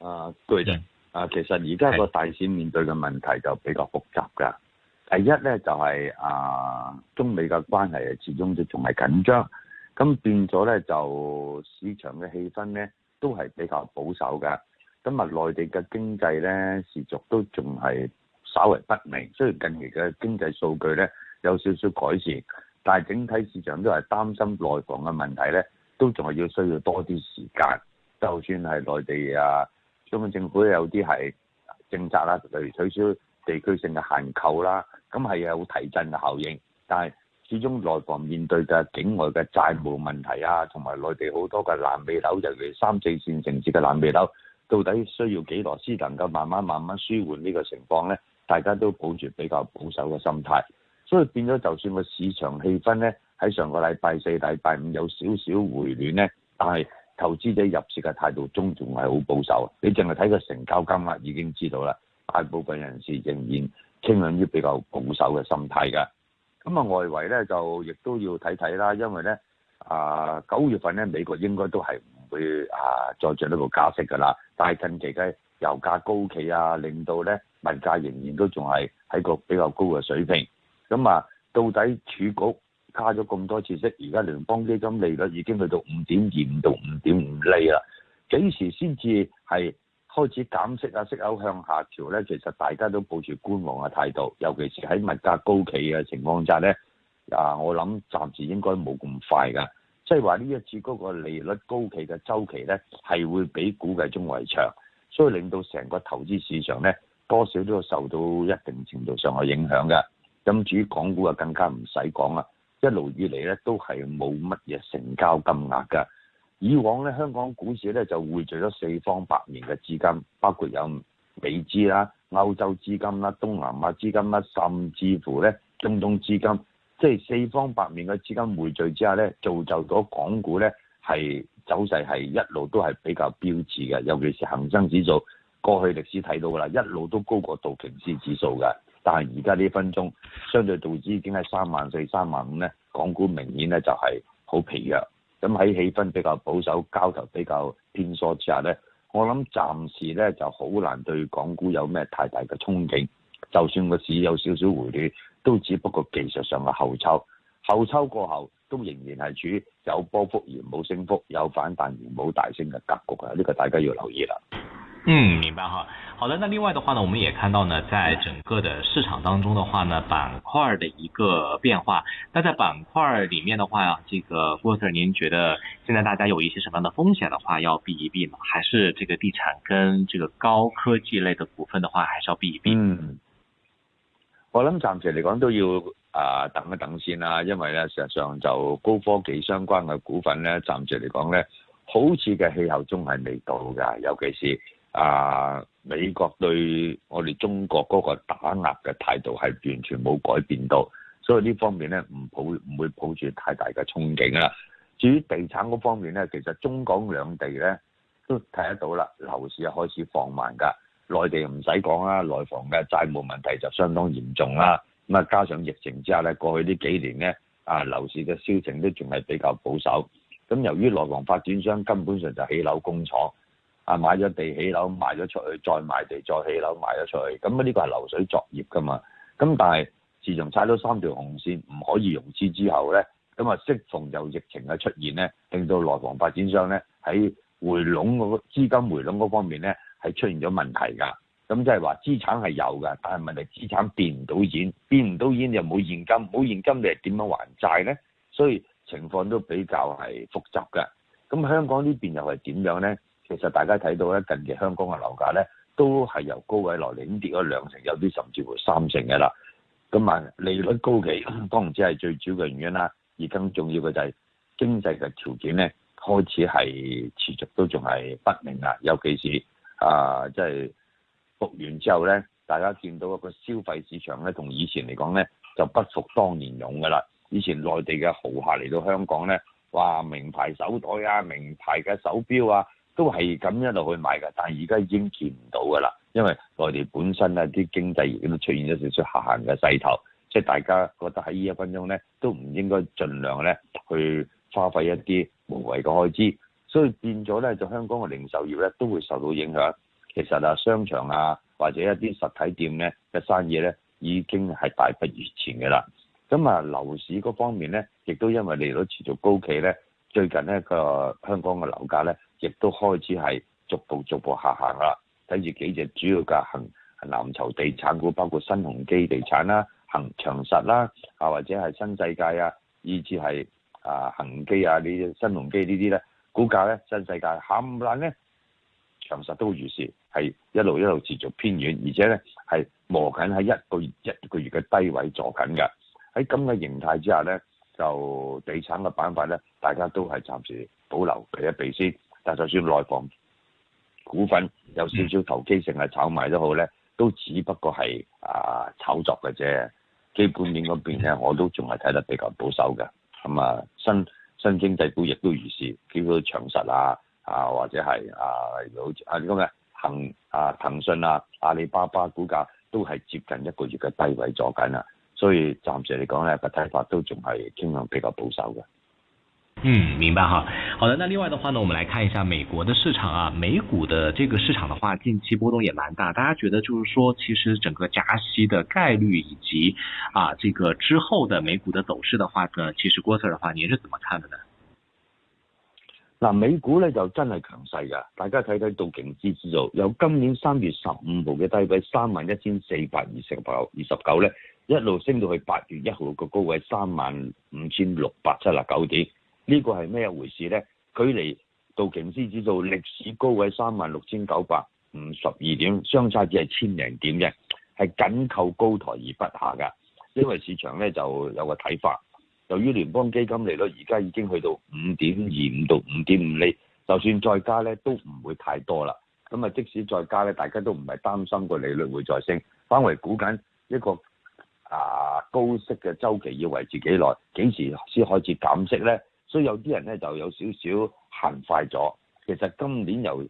啊，對啊，其實而家個大市面對嘅問題就比較複雜㗎。第一呢，就係、是、誒、啊、中美嘅關係始終都仲係緊張，咁變咗呢，就市場嘅氣氛呢都係比較保守㗎。今日、啊、內地嘅經濟呢，持續都仲係稍為不明，雖然近期嘅經濟數據呢有少少改善，但係整體市場都係擔心內房嘅問題呢，都仲係要需要多啲時間。就算係內地啊～中央政府有啲係政策啦，例如取消地區性嘅限購啦，咁係有提振嘅效應。但係始終內房面對嘅境外嘅債務問題啊，同埋內地好多嘅爛尾樓，尤其三四線城市嘅爛尾樓，到底需要幾耐先能夠慢慢慢慢舒緩呢個情況呢？大家都保住比較保守嘅心態，所以變咗就算個市場氣氛呢，喺上個禮拜四、禮拜五有少少回暖呢，但係，投資者入市嘅態度中，仲係好保守。你淨係睇個成交金額已經知道啦。大部分人士仍然傾向於比較保守嘅心態嘅。咁啊，外圍咧就亦都要睇睇啦，因為咧啊，九、呃、月份咧美國應該都係唔會啊、呃、再進一步加息㗎啦。但係近期嘅油價高企啊，令到咧物價仍然都仲係喺個比較高嘅水平。咁啊，到底儲局加咗咁多次息，而家聯邦基金利率已經去到五點二五到五點五厘啦。幾時先至係開始減息啊？息口向下調呢？其實大家都抱持觀望嘅態度，尤其是喺物價高企嘅情況下呢。啊，我諗暫時應該冇咁快㗎，即係話呢一次嗰個利率高企嘅周期呢，係會比估計中為長，所以令到成個投資市場呢，多少都有受到一定程度上嘅影響㗎。咁至於港股啊，更加唔使講啦。一路以嚟咧都係冇乜嘢成交金額噶，以往咧香港股市咧就匯聚咗四方八面嘅資金，包括有美資啦、歐洲資金啦、東南亞資金啦，甚至乎咧中東資金，即係四方八面嘅資金匯聚之下咧，造就咗港股咧係走勢係一路都係比較標誌嘅。尤其是恒生指數過去歷史睇到噶啦，一路都高過道瓊斯指數嘅。但係而家呢分鐘，相對道指已經喺三萬四、三萬五咧，港股明顯咧就係好疲弱。咁喺氣氛比較保守、交投比較偏疏之下咧，我諗暫時咧就好難對港股有咩太大嘅憧憬。就算個市有少少回暖，都只不過技術上嘅後抽。後抽過後，都仍然係處於有波幅而冇升幅、有反彈而冇大升嘅格局啊！呢個大家要留意啦。嗯，明白哈。好的，那另外的話呢，我們也看到呢，在整個的市場當中的話呢，板塊的一個變化。那在板塊裡面的話，這個郭 Sir，您覺得現在大家有一些什麼樣的風險的話要避一避嗎？還是這個地產跟這個高科技類的股份的話，還是要避一避？嗯，我諗暫時嚟講都要啊、呃、等一等先啦、啊，因為呢，事實際上事實上就高科技相關嘅股份呢，暫時嚟講呢，好似嘅氣候仲係未到㗎，尤其是。啊！美國對我哋中國嗰個打壓嘅態度係完全冇改變到，所以呢方面咧唔抱唔會抱住太大嘅憧憬啦。至於地產嗰方面咧，其實中港兩地咧都睇得到啦，樓市開始放慢㗎。內地唔使講啦，內房嘅債務問題就相當嚴重啦。咁啊，加上疫情之下咧，過去呢幾年咧啊，樓市嘅銷情都仲係比較保守。咁由於內房發展商根本上就起樓供廠。啊！買咗地起樓，賣咗出去，再買地再起樓，賣咗出去，咁呢個係流水作業噶嘛。咁但係自從踩咗三條紅線唔可以融資之後咧，咁啊適逢有疫情嘅出現咧，令到內房發展商咧喺回籠嗰資金回籠嗰方面咧係出現咗問題㗎。咁即係話資產係有㗎，但係問題資產變唔到現，變唔到現又冇現金，冇現金你係點樣還債咧？所以情況都比較係複雜嘅。咁香港呢邊又係點樣咧？其實大家睇到咧，近期香港嘅樓價咧，都係由高位落嚟跌咗兩成，有啲甚至乎三成嘅啦。咁啊，利率高企，當然只係最主要嘅原因啦。而更重要嘅就係經濟嘅條件咧，開始係持續都仲係不明啦。尤其是啊，即係復完之後咧，大家見到一個消費市場咧，同以前嚟講咧，就不復當年勇嘅啦。以前內地嘅豪客嚟到香港咧，哇，名牌手袋啊，名牌嘅手錶啊。都係咁一路去買嘅，但係而家已經見唔到㗎啦，因為內地本身咧，啲經濟已經出現咗少少下行嘅勢頭，即係大家覺得喺呢一分鐘咧，都唔應該盡量咧去花費一啲無謂嘅開支，所以變咗咧就香港嘅零售業咧都會受到影響。其實啊，商場啊或者一啲實體店咧嘅生意咧已經係大不如前嘅啦。咁啊，樓市嗰方面咧，亦都因為利率持續高企咧，最近呢個香港嘅樓價咧。亦都開始係逐步逐步下行啦。睇住幾隻主要嘅恆藍籌地產股，包括新鴻基地產啦、恆長實啦，啊或者係新世界啊，以至係啊恆基啊呢新鴻基呢啲咧，股價咧新世界冚爛咧，長實都如是，係一路一路持續偏軟，而且咧係磨緊喺一個一個月嘅低位坐緊㗎。喺咁嘅形態之下咧，就地產嘅板塊咧，大家都係暫時保留避一避先。但就算內房股份有少少投機性啊、炒賣都好咧，都只不過係啊、呃、炒作嘅啫。基本面嗰邊咧，我都仲係睇得比較保守嘅。咁、嗯、啊，新新經濟股亦都如是，比如長實啊啊，或者係啊，好似啊呢個咩騰啊騰訊啊、阿里巴巴股價都係接近一個月嘅低位坐緊啦。所以暫時嚟講咧，個睇法都仲係傾向比較保守嘅。嗯，明白哈。好的，那另外的話呢，我們來看一下美國的市場啊，美股的這個市場的話，近期波動也蠻大。大家覺得就是說，其實整個加息的概率以及啊，這個之後的美股的走勢的話呢，其實郭 Sir 的話，你是怎麼看的呢？嗱、啊，美股呢就真係強勢噶，大家睇睇道瓊斯指數，由今年三月十五號嘅低位三萬一千四百二十八九二十九呢一路升到去八月一號個高位三萬五千六百七十九點。呢個係咩回事呢？距離道瓊斯指數歷史高位三萬六千九百五十二點，相差只係千零點啫，係緊扣高台而不下嘅。因為市場呢就有個睇法，由於聯邦基金利率而家已經去到五點二五到五點五厘，就算再加呢都唔會太多啦。咁啊，即使再加呢，大家都唔係擔心個利率會再升，反為估緊一個啊高息嘅周期要維持幾耐，幾時先開始減息呢？所以有啲人咧就有少少行快咗。其實今年由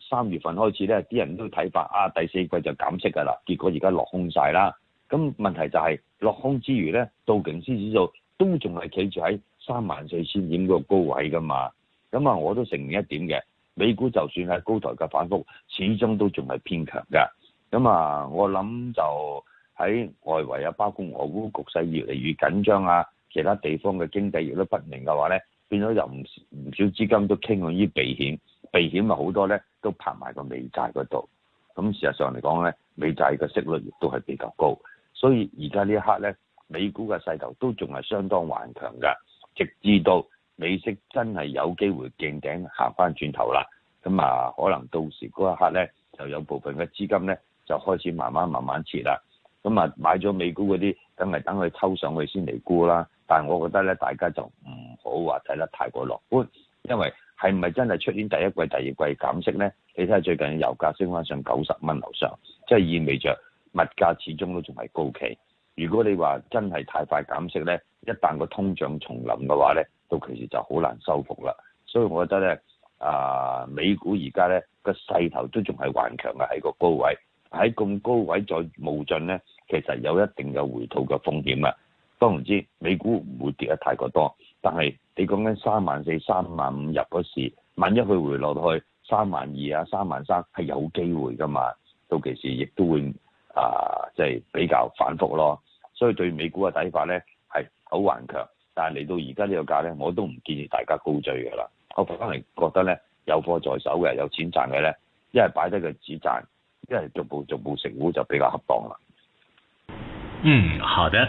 三月份開始咧，啲人都睇法啊，第四季就減息㗎啦。結果而家落空晒啦。咁問題就係，落空之餘咧，道瓊斯指數都仲係企住喺三萬四千點個高位㗎嘛。咁啊，我都承認一點嘅，美股就算係高台嘅反覆，始終都仲係偏強㗎。咁啊，我諗就喺外圍啊，包括俄烏局勢越嚟越緊張啊，其他地方嘅經濟亦都不明嘅話咧。變咗又唔，唔少資金都傾向於避險，避險啊，好多咧都拍埋個美債嗰度。咁、嗯、事實上嚟講咧，美債嘅息率亦都係比較高，所以而家呢一刻咧，美股嘅勢頭都仲係相當頑強㗎，直至到美息真係有機會勁頂行返轉頭啦。咁、嗯、啊，可能到時嗰一刻咧，就有部分嘅資金咧就開始慢慢慢慢撤啦。咁、嗯、啊，買咗美股嗰啲，梗係等佢抽上去先嚟沽啦。但係，我覺得咧，大家就唔好話睇得太過樂觀，因為係唔係真係出現第一季、第二季減息咧？你睇下最近油價升翻上九十蚊樓上，即係意味着物價始終都仲係高企。如果你話真係太快減息咧，一旦個通脹重臨嘅話咧，到其時就好難收復啦。所以，我覺得咧，啊、呃，美股而家咧個勢頭都仲係頑強嘅喺個高位，喺咁高位再冒進咧，其實有一定嘅回吐嘅風險啊。當然知美股唔會跌得太過多，但係你講緊三萬四、三萬五入嗰時，萬一佢回落到去三萬二啊、三萬三，係有機會噶嘛？到其時亦都會啊，即、呃、係、就是、比較反覆咯。所以對美股嘅睇法咧，係好頑強，但係嚟到而家呢個價咧，我都唔建議大家高追噶啦。我反而覺得咧，有貨在手嘅、有錢賺嘅咧，一係擺低個紙賺，一係逐步逐步食股就比較恰當啦。嗯，好的。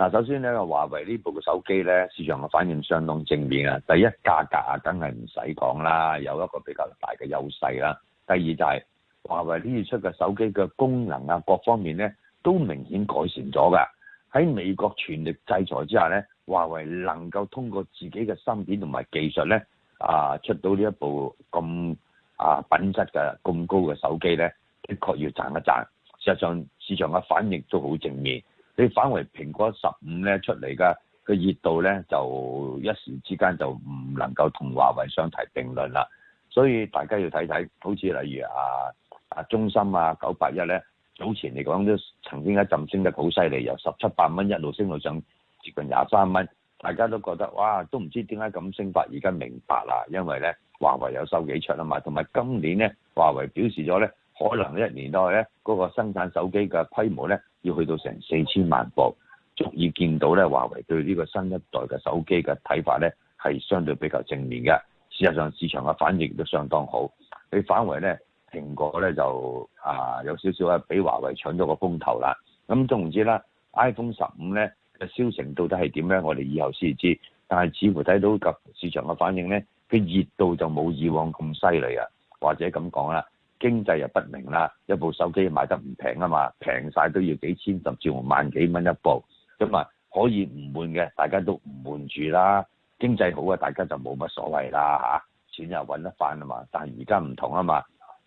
嗱，首先咧，華為呢部手機呢市場嘅反應相當正面啊！第一，價格啊，梗係唔使講啦，有一個比較大嘅優勢啦。第二就係、是、華為呢出嘅手機嘅功能啊，各方面呢都明顯改善咗嘅。喺美國全力制裁之下呢，華為能夠通過自己嘅芯片同埋技術呢啊出到呢一部咁啊品質嘅咁高嘅手機呢，的確要讚一讚。事實上，市場嘅反應都好正面。你返回蘋果十五咧出嚟噶，個熱度咧就一時之間就唔能夠同華為相提並論啦。所以大家要睇睇，好似例如啊中心啊中芯啊九八一咧，早前嚟講都曾經一陣升得好犀利，由十七八蚊一路升到上接近廿三蚊，大家都覺得，哇，都唔知點解咁升法，而家明白啦，因為咧華為有收幾出啊嘛，同埋今年咧華為表示咗咧，可能一年內咧嗰個生產手機嘅規模咧。要去到成四千萬部，足以見到咧，華為對呢個新一代嘅手機嘅睇法咧，係相對比較正面嘅。事實上，市場嘅反應都相當好。你反為咧，蘋果咧就啊有少少啊，俾華為搶咗個風頭，嗯、啦。咁都唔知啦，iPhone 十五咧嘅銷情到底係點咧？我哋以後先知。但係似乎睇到個市場嘅反應咧，嘅熱度就冇以往咁犀利啊。或者咁講啦。經濟又不明啦，一部手機買得唔平啊嘛，平晒都要幾千甚至乎萬幾蚊一部咁啊，可以唔換嘅，大家都唔換住啦。經濟好啊，大家就冇乜所謂啦嚇，錢又揾得翻啊嘛。但係而家唔同啊嘛，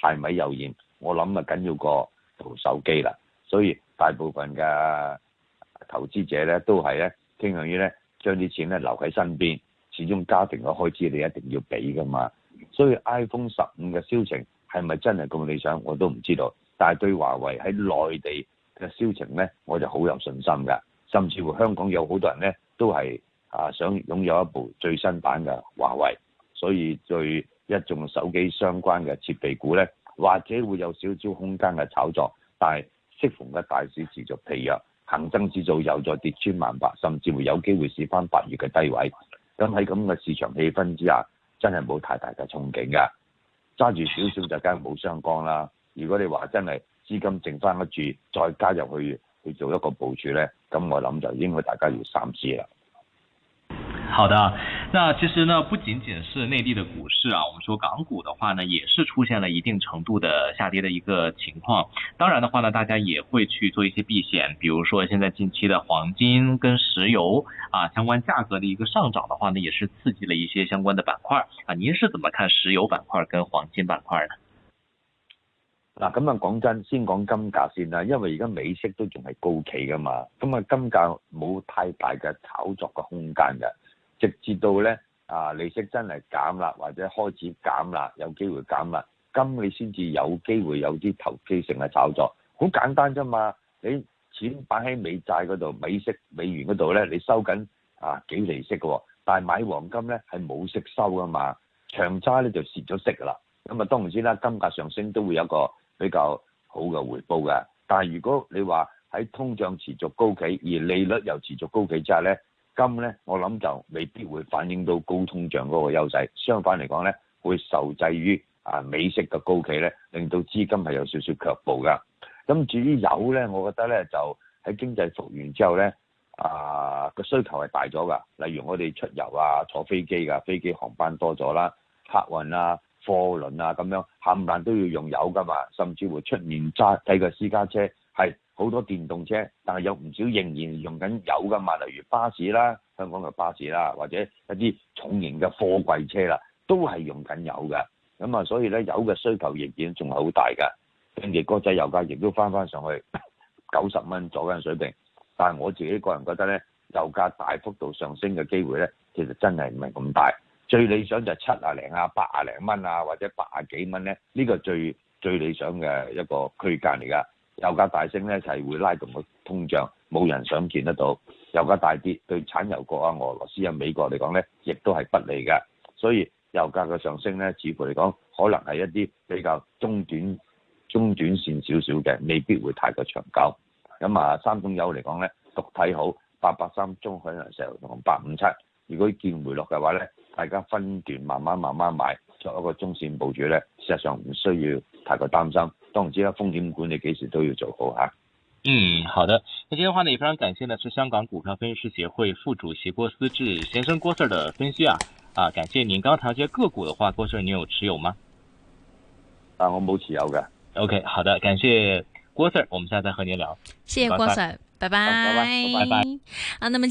柴米油鹽，我諗啊緊要過部手機啦。所以大部分嘅投資者呢，都係呢傾向於呢將啲錢呢留喺身邊，始終家庭嘅開支你一定要俾㗎嘛。所以 iPhone 十五嘅銷情，係咪真係咁理想，我都唔知道。但係對華為喺內地嘅銷情呢，我就好有信心㗎。甚至乎香港有好多人呢，都係啊想擁有一部最新版嘅華為。所以對一眾手機相關嘅設備股呢，或者會有少少空間嘅炒作。但係，適逢嘅大市持續疲弱，恒生指數又再跌穿萬八，甚至乎有機會試翻八月嘅低位。咁喺咁嘅市場氣氛之下，真係冇太大嘅憧憬㗎。揸住少少就梗係冇相干啦。如果你話真係資金剩翻得住，再加入去去做一個部署咧，咁我諗就應該大家要三思啦。好的。那其實呢，不僅僅是內地的股市啊，我們說港股的話呢，也是出現了一定程度的下跌的一個情況。當然的話呢，大家也會去做一些避險，比如說現在近期的黃金跟石油啊相關價格的一個上漲的話呢，也是刺激了一些相關的板塊啊。您是怎麼看石油板塊跟黃金板塊呢？嗱，咁啊，講真，先講金價先啦，因為而家美息都仲係高企㗎嘛，咁啊，金價冇太大嘅炒作嘅空間嘅。直至到咧啊，利息真係減啦，或者開始減啦，有機會減啦，咁你先至有機會有啲投機性嘅炒作，好簡單啫嘛。你錢擺喺美債嗰度，美息美元嗰度咧，你收緊啊幾利息嘅喎。哦，但係買黃金咧係冇息收嘅嘛，長揸咧就蝕咗息啦。咁、嗯、啊，當然之啦，金價上升都會有一個比較好嘅回報嘅。但係如果你話喺通脹持續高企，而利率又持續高企之下咧，金咧，我諗就未必會反映到高通脹嗰個優勢，相反嚟講咧，會受制於啊美息嘅高企咧，令到資金係有少少卻步噶。咁至於油咧，我覺得咧就喺經濟復原之後咧，啊個需求係大咗噶。例如我哋出遊啊，坐飛機噶、啊，飛機航班多咗啦，客運啊、貨輪啊咁樣，冚唪唥都要用油噶嘛，甚至乎出面揸低個私家車係。好多電動車，但係有唔少仍然用緊油噶嘛，例如巴士啦，香港嘅巴士啦，或者一啲重型嘅貨櫃車啦，都係用緊油噶。咁、嗯、啊，所以咧，油嘅需求仍然仲係好大噶。跟住國際油價亦都翻翻上去九十蚊左右水平，但係我自己個人覺得咧，油價大幅度上升嘅機會咧，其實真係唔係咁大。最理想就係七啊零啊、八啊零蚊啊，或者八啊幾蚊咧，呢個最最理想嘅一個區間嚟噶。油價大升咧，係會拉動個通脹，冇人想見得到。油價大跌對產油國啊、俄羅斯啊、美國嚟講咧，亦都係不利㗎。所以油價嘅上升咧，似乎嚟講可能係一啲比較中短中短線少少嘅，未必會太過長久。咁啊，三種油嚟講咧，獨睇好八八三、3，中海油石油同八五七。如果見回落嘅話咧，大家分段慢慢慢慢買。作一個中線部署咧，事實上唔需要太過擔心。當然之啦，風險管理幾時都要做好嚇。啊、嗯，好的。那今天話呢，也非常感謝呢，是香港股票分析師協會副主席郭思治先生郭 Sir 的分析啊。啊，感謝您剛剛談及個股的話，郭 Sir，你有持有嗎？啊，我冇持有㗎。OK，好的，感謝郭 Sir，我們下次再和您聊。謝謝郭 Sir，拜拜。拜拜。啊，那麼。